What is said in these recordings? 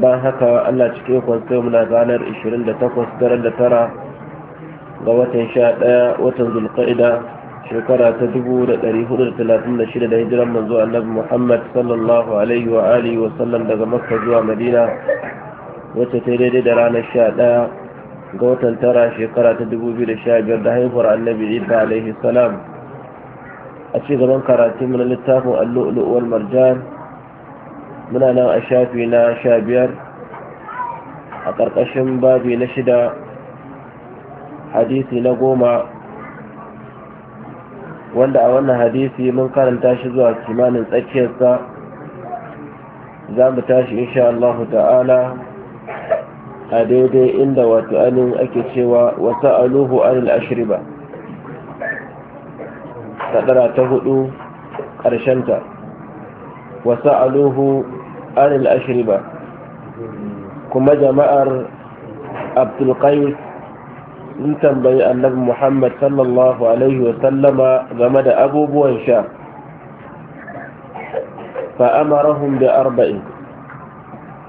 don haka Allah cikin kwanke muna ranar 28 daren da tara ga watan 11 watan zulqa'ida shekara ta 1436 da hijiran manzo annabi Muhammad sallallahu alaihi wa alihi wa sallam daga Makka zuwa Madina wacce ta daidai da ranar 11 ga watan tara shekara ta 2015 da haihuwar annabi Isa alaihi salam a cigaban karatu na littafin allu'ulu wal marjan muna nan a shafi na sha biyar a ƙarƙashin babi na shida hadisi na goma wanda a wannan hadisi mun karanta shi zuwa kimanin tsakiyarsa za mu tashi insha Allah ta'ala a daidai inda wato anin ake cewa wasu aluhu anil ashriba ta hudu ƙarshenta wasu aluhu anil ashriba kuma jama'ar abdulkais sun tambayi annabi muhammad sallallahu alaihi wasallama game da abubuwan sha fa'amarahun da arba'in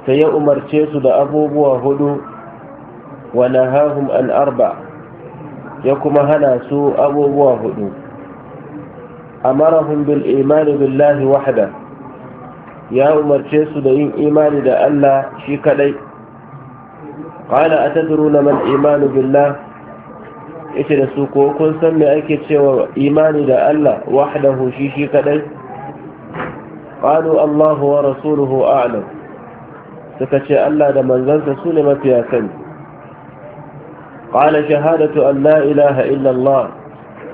sai ya umarce su da abubuwa hudu wa nahahum an arba ya kuma hana su abubuwa hudu amarahum bil imani billahi wahda ya umarce su da yin imani da Allah shi kadai qala atadruna man imanu billah yace da su ko kun san me ake cewa imani da Allah wahdahu shi shi kadai qalu Allahu, wa rasuluhu a'lam suka ce Allah da manzansa su ne mafiya sani qala shahadatu an la ilaha illa Allah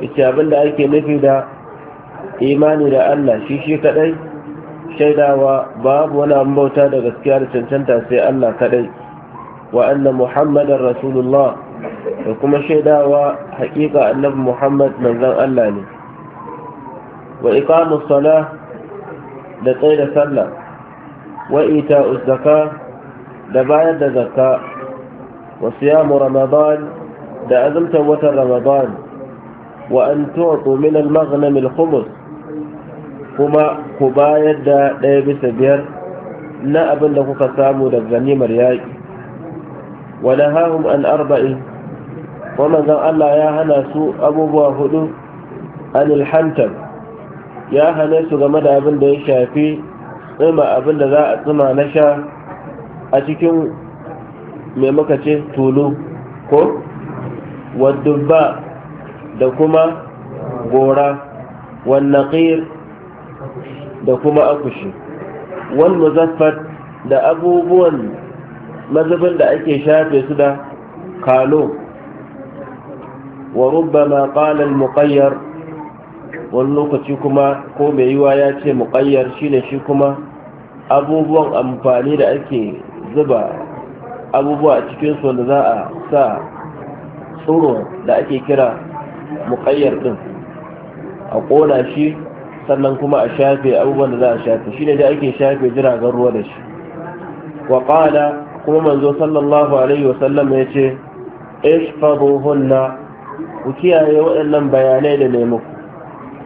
yace abinda ake nufi da imani da Allah shi shi kadai shaidawa babu wani an bauta da gaskiya da cancanta sai Allah kadai wa anna muhammadan rasulullah da kuma shaidawa haƙiƙa annabi muhammad manzon Allah ne wa iqamus salah da tsaida sallah wa ita'uz da bayar da zakka wa ramadan da azumtar watan ramadan wa an tu'tu min al-maghnam al-khums kuma ku bayar da ɗaya bisa biyar na abin da kuka samu daga ganimar yaƙi wani hahun an arba'in kuma zan Allah ya hana su abubuwa hudu an ilhantar ya hane su game da abin da ya shafi tsima abin da za a tsima na sha a cikin mai muka ce tulu ko wadubba da kuma gora wannan da kuma akushi wal muzaffar da abubuwan mazubin da ake shafe su da kalo wa rubbama qala al muqayyar wani lokaci kuma ko mai yiwa ya ce muqayyar shine shi kuma abubuwan amfani da ake zuba abubuwa a cikin su wanda za a sa tsoro da ake kira muƙayyar ɗin a ƙona shi sannan kuma a shafe abubuwan da za a shafe ne da ake shafe jiragen ruwa da shi wa qala kuma manzo sallallahu alaihi wasallam ya ce na ku kiyaye waɗannan bayanai da ne